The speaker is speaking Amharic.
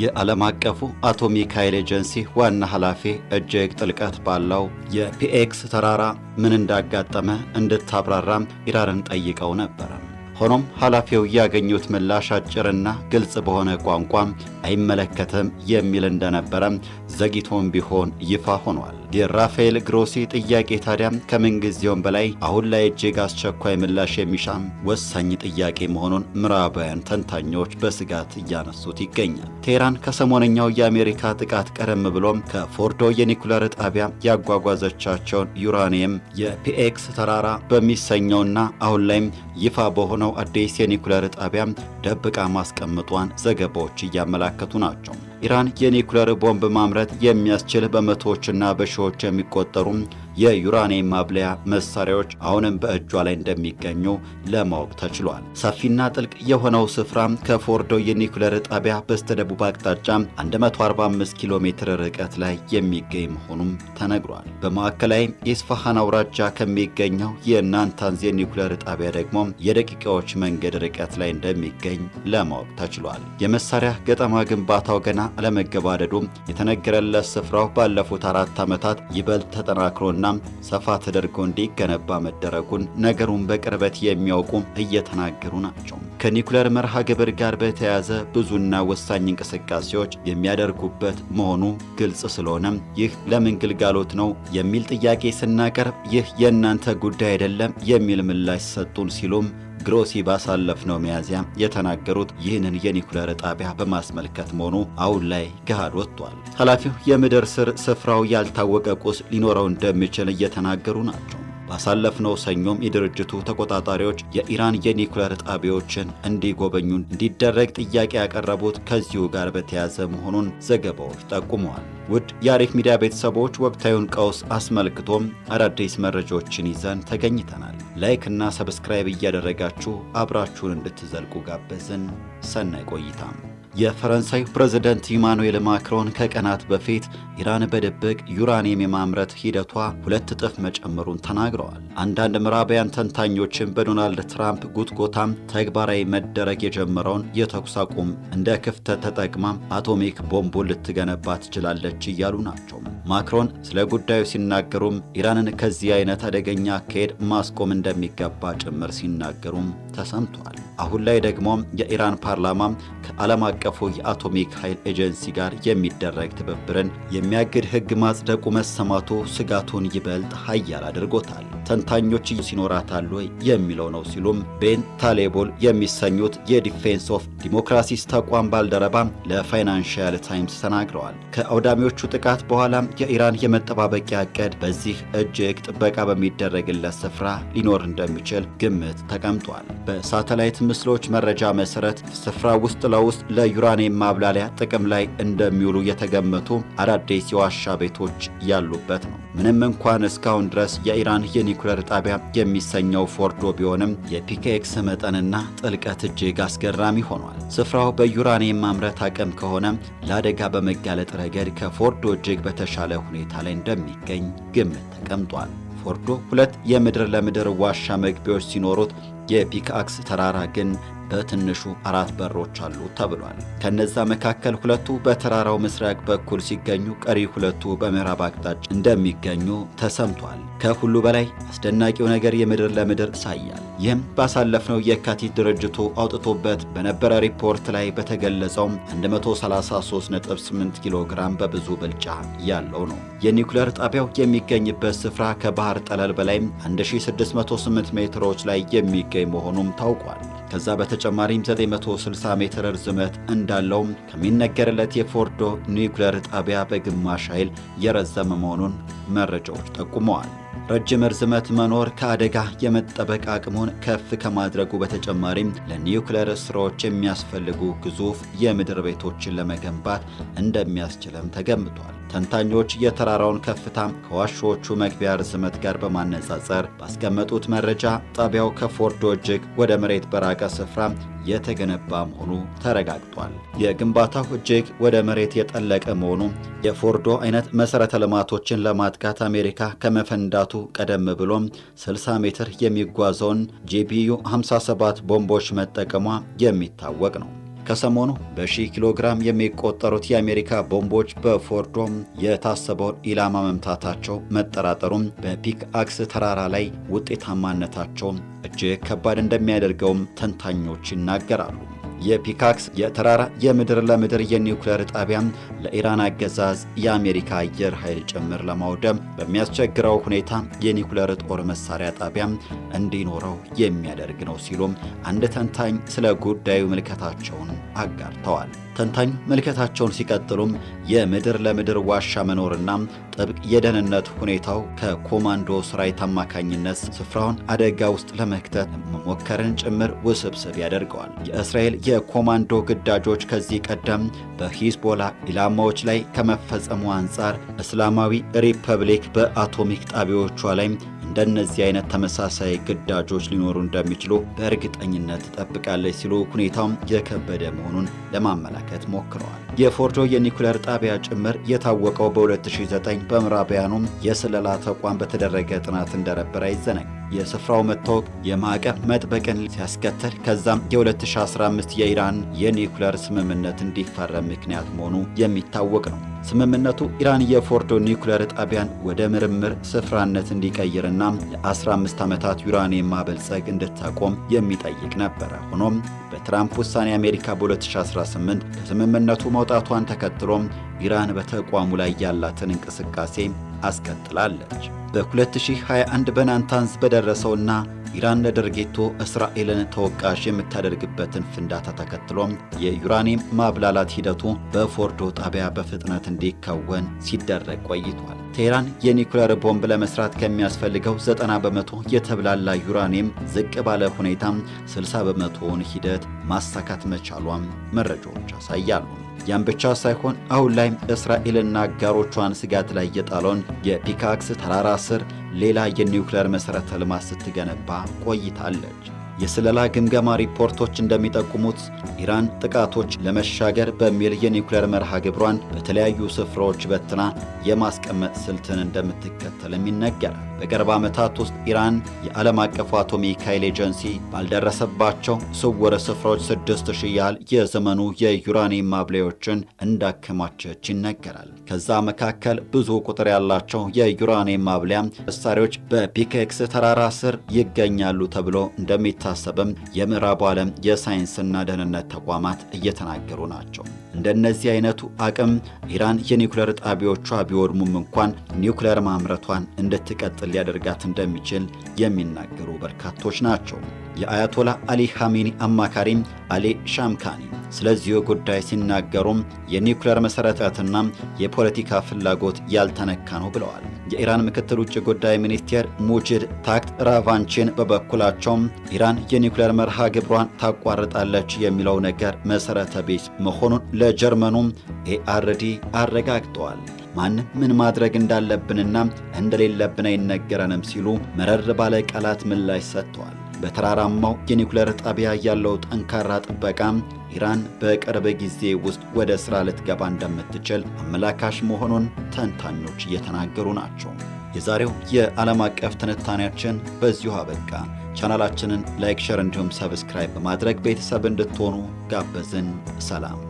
የዓለም አቀፉ አቶሚክ ኃይል ኤጀንሲ ዋና ኃላፊ እጅግ ጥልቀት ባለው የፒኤክስ ተራራ ምን እንዳጋጠመ እንድታብራራም ኢራንን ጠይቀው ነበረ። ሆኖም ኃላፊው ያገኙት ምላሽ አጭርና ግልጽ በሆነ ቋንቋ አይመለከትም የሚል እንደነበረ ዘግይቶም ቢሆን ይፋ ሆኗል። የራፋኤል ግሮሲ ጥያቄ ታዲያም ከምንጊዜውም በላይ አሁን ላይ እጅግ አስቸኳይ ምላሽ የሚሻም ወሳኝ ጥያቄ መሆኑን ምዕራባውያን ተንታኞች በስጋት እያነሱት ይገኛል። ቴህራን ከሰሞነኛው የአሜሪካ ጥቃት ቀደም ብሎም ከፎርዶ የኒኩለር ጣቢያ ያጓጓዘቻቸውን ዩራኒየም የፒኤክስ ተራራ በሚሰኘውና አሁን ላይም ይፋ በሆነው ሌላኛው አዲስ የኒኩለር ጣቢያ ደብቃ ማስቀምጧን ዘገባዎች እያመላከቱ ናቸው። ኢራን የኒኩለር ቦምብ ማምረት የሚያስችል በመቶዎችና በሺዎች የሚቆጠሩ የዩራኒየም ማብለያ መሳሪያዎች አሁንም በእጇ ላይ እንደሚገኙ ለማወቅ ተችሏል። ሰፊና ጥልቅ የሆነው ስፍራ ከፎርዶ የኒኩለር ጣቢያ በስተደቡብ አቅጣጫ 145 ኪሎ ሜትር ርቀት ላይ የሚገኝ መሆኑም ተነግሯል። በማዕከላዊ ኢስፋሃን አውራጃ ከሚገኘው የናንታንዝ የኒኩለር ጣቢያ ደግሞ የደቂቃዎች መንገድ ርቀት ላይ እንደሚገኝ ለማወቅ ተችሏል። የመሳሪያ ገጠማ ግንባታው ገና አለመገባደዱ የተነገረለት ስፍራው ባለፉት አራት ዓመታት ይበልጥ ተጠናክሮና በኋላም ሰፋ ተደርጎ እንዲገነባ መደረጉን ነገሩን በቅርበት የሚያውቁ እየተናገሩ ናቸው። ከኒኩለር መርሃ ግብር ጋር በተያያዘ ብዙና ወሳኝ እንቅስቃሴዎች የሚያደርጉበት መሆኑ ግልጽ ስለሆነም ይህ ለምን ግልጋሎት ነው የሚል ጥያቄ ስናቀርብ ይህ የእናንተ ጉዳይ አይደለም የሚል ምላሽ ሰጡን ሲሉም ግሮሲ ባሳለፍነው ሚያዝያ የተናገሩት ይህንን የኒኩለር ጣቢያ በማስመልከት መሆኑ አሁን ላይ ገሃድ ወጥቷል። ኃላፊው የምድር ስር ስፍራው ያልታወቀ ቁስ ሊኖረው እንደሚችል እየተናገሩ ናቸው። ባሳለፍነው ሰኞም የድርጅቱ ተቆጣጣሪዎች የኢራን የኒኩሌር ጣቢያዎችን እንዲጎበኙ እንዲደረግ ጥያቄ ያቀረቡት ከዚሁ ጋር በተያያዘ መሆኑን ዘገባዎች ጠቁመዋል። ውድ የአሪፍ ሚዲያ ቤተሰቦች ወቅታዊውን ቀውስ አስመልክቶም አዳዲስ መረጃዎችን ይዘን ተገኝተናል። ላይክ እና ሰብስክራይብ እያደረጋችሁ አብራችሁን እንድትዘልቁ ጋበዝን። ሰናይ ቆይታም የፈረንሳይ ፕሬዝደንት ኢማኑኤል ማክሮን ከቀናት በፊት ኢራን በድብቅ ዩራኒየም የማምረት ሂደቷ ሁለት እጥፍ መጨመሩን ተናግረዋል። አንዳንድ ምዕራባውያን ተንታኞችን በዶናልድ ትራምፕ ጉትጎታም ተግባራዊ መደረግ የጀመረውን የተኩስ አቁም እንደ ክፍተት ተጠቅማም አቶሚክ ቦምቡን ልትገነባ ትችላለች እያሉ ናቸው። ማክሮን ስለ ጉዳዩ ሲናገሩም ኢራንን ከዚህ አይነት አደገኛ አካሄድ ማስቆም እንደሚገባ ጭምር ሲናገሩም ተሰምቷል። አሁን ላይ ደግሞ የኢራን ፓርላማ ከዓለም አቀፉ የአቶሚክ ኃይል ኤጀንሲ ጋር የሚደረግ ትብብርን የሚያግድ ሕግ ማጽደቁ መሰማቱ ስጋቱን ይበልጥ ሀያል አድርጎታል። ተንታኞች ሲኖራታል ወይ የሚለው ነው ሲሉም ቤን ታሌቦል የሚሰኙት የዲፌንስ ኦፍ ዲሞክራሲስ ተቋም ባልደረባ ለፋይናንሽያል ታይምስ ተናግረዋል። ከአውዳሚዎቹ ጥቃት በኋላ የኢራን የመጠባበቂያ እቅድ በዚህ እጅግ ጥበቃ በሚደረግለት ስፍራ ሊኖር እንደሚችል ግምት ተቀምጧል። በሳተላይት ምስሎች መረጃ መሰረት ስፍራ ውስጥ ለውስጥ ለዩራኒየም ማብላሊያ ጥቅም ላይ እንደሚውሉ የተገመቱ አዳዲስ የዋሻ ቤቶች ያሉበት ነው። ምንም እንኳን እስካሁን ድረስ የኢራን የኒ ሞለኩለር ጣቢያ የሚሰኘው ፎርዶ ቢሆንም የፒኬኤክስ መጠንና ጥልቀት እጅግ አስገራሚ ሆኗል። ስፍራው በዩራኒየም ማምረት አቅም ከሆነ ለአደጋ በመጋለጥ ረገድ ከፎርዶ እጅግ በተሻለ ሁኔታ ላይ እንደሚገኝ ግምት ተቀምጧል። ፎርዶ ሁለት የምድር ለምድር ዋሻ መግቢያዎች ሲኖሩት የፒክአክስ ተራራ ግን በትንሹ አራት በሮች አሉ ተብሏል። ከነዛ መካከል ሁለቱ በተራራው ምስራቅ በኩል ሲገኙ፣ ቀሪ ሁለቱ በምዕራብ አቅጣጫ እንደሚገኙ ተሰምቷል። ከሁሉ በላይ አስደናቂው ነገር የምድር ለምድር ያሳያል። ይህም ባሳለፍነው የካቲት ድርጅቱ አውጥቶበት በነበረ ሪፖርት ላይ በተገለጸውም 133.8 ኪሎ ግራም በብዙ ብልጫ ያለው ነው። የኒውክሌር ጣቢያው የሚገኝበት ስፍራ ከባህር ጠለል በላይም 1608 ሜትሮች ላይ የሚገኝ መሆኑም ታውቋል። ከዛ በተጨማሪም 960 ሜትር ርዝመት እንዳለውም ከሚነገርለት የፎርዶ ኒውክሌር ጣቢያ በግማሽ ኃይል የረዘመ መሆኑን መረጃዎች ጠቁመዋል። ረጅም ርዝመት መኖር ከአደጋ የመጠበቅ አቅሙን ከፍ ከማድረጉ በተጨማሪም ለኒውክሌር ስራዎች የሚያስፈልጉ ግዙፍ የምድር ቤቶችን ለመገንባት እንደሚያስችልም ተገምቷል። ተንታኞች የተራራውን ከፍታ ከዋሾዎቹ መግቢያ ርዝመት ጋር በማነጻጸር ባስቀመጡት መረጃ ጣቢያው ከፎርዶ እጅግ ወደ መሬት በራቀ ስፍራ የተገነባ መሆኑ ተረጋግጧል። የግንባታው እጅግ ወደ መሬት የጠለቀ መሆኑ የፎርዶ አይነት መሰረተ ልማቶችን ለማጥቃት አሜሪካ ከመፈንዳቱ ቀደም ብሎም 60 ሜትር የሚጓዘውን ጂቢዩ 57 ቦምቦች መጠቀሟ የሚታወቅ ነው። ከሰሞኑ በሺህ ኪሎ ግራም የሚቆጠሩት የአሜሪካ ቦምቦች በፎርዶም የታሰበውን ኢላማ መምታታቸው መጠራጠሩም በፒክ አክስ ተራራ ላይ ውጤታማነታቸው እጅግ ከባድ እንደሚያደርገውም ተንታኞች ይናገራሉ። የፒካክስ የተራራ የምድር ለምድር የኒውክሌር ጣቢያም ለኢራን አገዛዝ የአሜሪካ አየር ኃይል ጭምር ለማውደም በሚያስቸግረው ሁኔታ የኒውክሌር ጦር መሳሪያ ጣቢያም እንዲኖረው የሚያደርግ ነው ሲሉም አንድ ተንታኝ ስለ ጉዳዩ ምልከታቸውን አጋርተዋል። ተንታኝ ምልከታቸውን ሲቀጥሉም የምድር ለምድር ዋሻ መኖርና ጥብቅ የደህንነት ሁኔታው ከኮማንዶ ሰራዊት አማካኝነት ስፍራውን አደጋ ውስጥ ለመክተት መሞከርን ጭምር ውስብስብ ያደርገዋል። የእስራኤል የኮማንዶ ግዳጆች ከዚህ ቀደም በሂዝቦላ ኢላማዎች ላይ ከመፈጸሙ አንጻር እስላማዊ ሪፐብሊክ በአቶሚክ ጣቢያዎቿ ላይ እንደነዚህ አይነት ተመሳሳይ ግዳጆች ሊኖሩ እንደሚችሉ በእርግጠኝነት ትጠብቃለች ሲሉ ሁኔታውም የከበደ መሆኑን ለማመላከት ሞክረዋል። የፎርዶ የኒኩሌር ጣቢያ ጭምር የታወቀው በ2009 በምዕራባውያኑም የስለላ ተቋም በተደረገ ጥናት እንደነበረ አይዘነግ። የስፍራው መታወቅ የማዕቀብ መጥበቅን ሲያስከትል ከዛም የ2015 የኢራን የኒኩሌር ስምምነት እንዲፈረም ምክንያት መሆኑ የሚታወቅ ነው። ስምምነቱ ኢራን የፎርዶ ኒኩለር ጣቢያን ወደ ምርምር ስፍራነት እንዲቀይርና ለ15 ዓመታት ዩራኒየም ማበልጸግ እንድታቆም የሚጠይቅ ነበረ። ሆኖም በትራምፕ ውሳኔ አሜሪካ በ2018 ከስምምነቱ መውጣት መውጣቷን ተከትሎም ኢራን በተቋሙ ላይ ያላትን እንቅስቃሴ አስቀጥላለች። በ2021 በናታንዝ በደረሰውና ኢራን ለድርጊቱ እስራኤልን ተወቃሽ የምታደርግበትን ፍንዳታ ተከትሎም የዩራኒየም ማብላላት ሂደቱ በፎርዶ ጣቢያ በፍጥነት እንዲከወን ሲደረግ ቆይቷል። ቴህራን የኒኩሌር ቦምብ ለመስራት ከሚያስፈልገው 90 በመቶ የተብላላ ዩራኒየም ዝቅ ባለ ሁኔታም 60 በመቶውን ሂደት ማሳካት መቻሏም መረጃዎች ያሳያሉ። ያም ብቻ ሳይሆን አሁን ላይም እስራኤልና አጋሮቿን ስጋት ላይ የጣለውን የፒካክስ ተራራ ስር ሌላ የኒውክሌር መሠረተ ልማት ስትገነባ ቆይታለች። የስለላ ግምገማ ሪፖርቶች እንደሚጠቁሙት ኢራን ጥቃቶች ለመሻገር በሚል የኒውክሌር መርሃ ግብሯን በተለያዩ ስፍራዎች በትና የማስቀመጥ ስልትን እንደምትከተልም ይነገራል። በቅርብ ዓመታት ውስጥ ኢራን የዓለም አቀፉ አቶሚክ ኃይል ኤጀንሲ ባልደረሰባቸው ስውር ስፍራዎች ስድስት ሺህ ያህል የዘመኑ የዩራኒየም ማብለያዎችን እንዳከማቸች ይነገራል። ከዛ መካከል ብዙ ቁጥር ያላቸው የዩራኒየም ማብለያ መሳሪያዎች በፒኬክስ ተራራ ስር ይገኛሉ ተብሎ እንደሚታሰብም የምዕራቡ ዓለም የሳይንስና ደህንነት ተቋማት እየተናገሩ ናቸው። እንደነዚህ አይነቱ አቅም ኢራን የኒውክሌር ጣቢያዎቿ ቢወድሙም እንኳን ኒውክሌር ማምረቷን እንድትቀጥል ሊያደርጋት እንደሚችል የሚናገሩ በርካቶች ናቸው። የአያቶላ አሊ ሐሜኒ አማካሪ አሊ ሻምካኒ ስለዚሁ ጉዳይ ሲናገሩም የኒውክሌር መሠረታትና የፖለቲካ ፍላጎት ያልተነካ ነው ብለዋል። የኢራን ምክትል ውጭ ጉዳይ ሚኒስቴር ሙጂድ ታክት ራቫንቺን በበኩላቸው ኢራን የኒውክሌር መርሃ ግብሯን ታቋርጣለች የሚለው ነገር መሠረተ ቢስ መሆኑን ለጀርመኑ ኤአርዲ አረጋግጠዋል። ማንም ምን ማድረግ እንዳለብንና እንደሌለብን አይነገረንም ሲሉ መረር ባለ ቃላት ምላሽ ሰጥተዋል። በተራራማው የኒውክለር ጣቢያ ያለው ጠንካራ ጥበቃ ኢራን በቅርብ ጊዜ ውስጥ ወደ ሥራ ልትገባ እንደምትችል አመላካሽ መሆኑን ተንታኞች እየተናገሩ ናቸው። የዛሬው የዓለም አቀፍ ትንታኔያችን በዚሁ አበቃ። ቻናላችንን ላይክ፣ ሸር እንዲሁም ሰብስክራይብ በማድረግ ቤተሰብ እንድትሆኑ ጋበዝን። ሰላም።